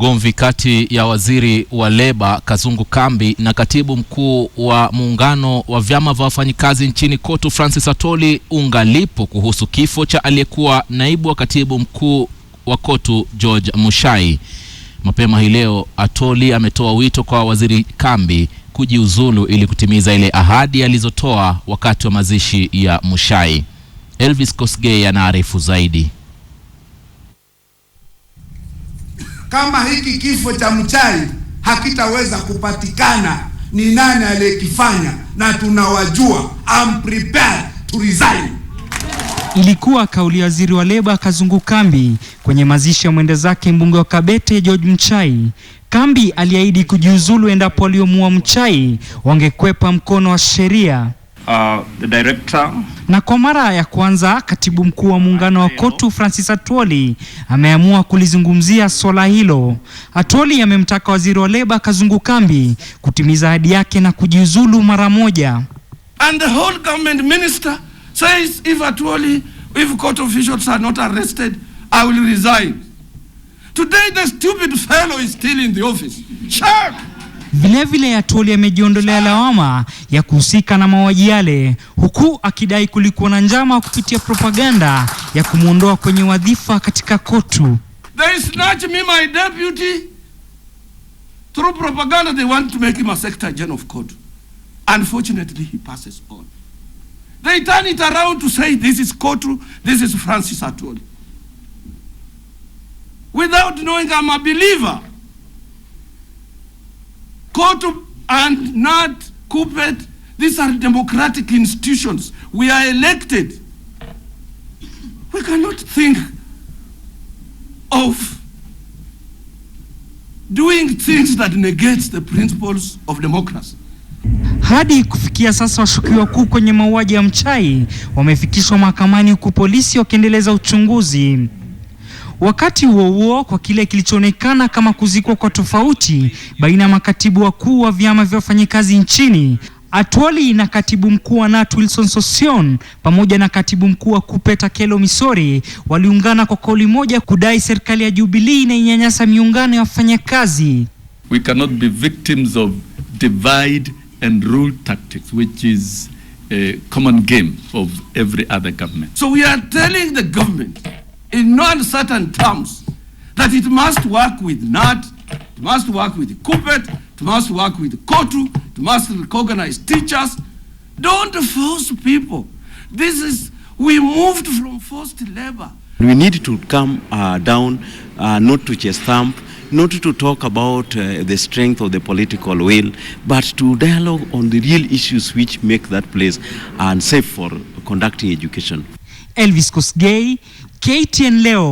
Gomvi kati ya waziri wa leba Kazungu Kambi na katibu mkuu wa muungano wa vyama vya wafanyikazi nchini KOTU Francis Atoli ungalipo kuhusu kifo cha aliyekuwa naibu wa katibu mkuu wa KOTU George mushai Mapema hii leo, Atoli ametoa wito kwa waziri Kambi kujiuzulu ili kutimiza ile ahadi alizotoa wakati wa mazishi ya mushai Elvis kosgey anaarifu zaidi. kama hiki kifo cha Mchai hakitaweza kupatikana, ni nani aliyekifanya, na tunawajua. I'm prepared to resign. Ilikuwa kauli ya waziri wa leba Kazungu Kambi kwenye mazishi ya mwende zake mbunge wa Kabete George Mchai. Kambi aliahidi kujiuzulu endapo waliomuua Mchai wangekwepa mkono wa sheria uh, the director. Na kwa mara ya kwanza katibu mkuu wa muungano wa KOTU Francis Atwoli ameamua kulizungumzia swala hilo. Atwoli amemtaka waziri wa leba Kazungu Kambi kutimiza ahadi yake na kujiuzulu mara moja. And the whole government minister says if Atwoli, if court officials are not arrested, I will resign. Today the stupid fellow is still in the office. Sure. Vilevile Atwoli amejiondolea lawama ya kuhusika na mauaji yale, huku akidai kulikuwa na njama kupitia propaganda ya kumwondoa kwenye wadhifa katika KOTU. They snatch me my deputy through propaganda. They want to make him a secretary general of KOTU. Unfortunately, he passes on. They turn it around to say this is KOTU, this is Francis Atwoli. Without knowing I'm a believer Court and not CUPPET, these are democratic institutions. We are elected. We cannot think of doing things that negates the principles of democracy. Hadi kufikia sasa washukiwa kuu kwenye mauaji ya Mchai wamefikishwa mahakamani huku polisi wakiendeleza uchunguzi. Wakati huo huo, kwa kile kilichoonekana kama kuzikwa kwa tofauti baina ya makatibu wakuu wa vyama vya wafanyikazi nchini, Atwoli na katibu mkuu wa NAT Wilson Sossion pamoja na katibu mkuu wa KUPPET Takelo Misori waliungana kwa kauli moja kudai serikali ya Jubilee inainyanyasa miungano ya wafanyakazi. We cannot be victims of divide and rule tactics which is a common game of every other government. So we are telling the government in no uncertain terms that it must work with NAT, it must work with CUPET, it must work with COTU, it must recognize teachers. Don't force people. This is, we moved from forced labor. We need to come uh, down, uh, not to just thump, not to talk about uh, the strength of the political will, but to dialogue on the real issues which make that place unsafe for conducting education. Elvis Kosgei KTN leo